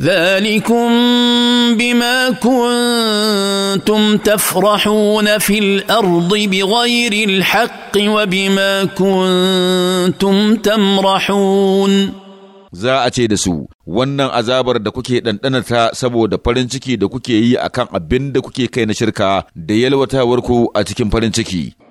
ذلكم بما كنتم تفرحون في الارض بغير الحق وبما كنتم تمرحون za a ce da su wannan azabar da kuke ɗanɗanata saboda farin ciki da kuke yi akan abin da kuke kai na shirka da yalwatawarku a cikin farin ciki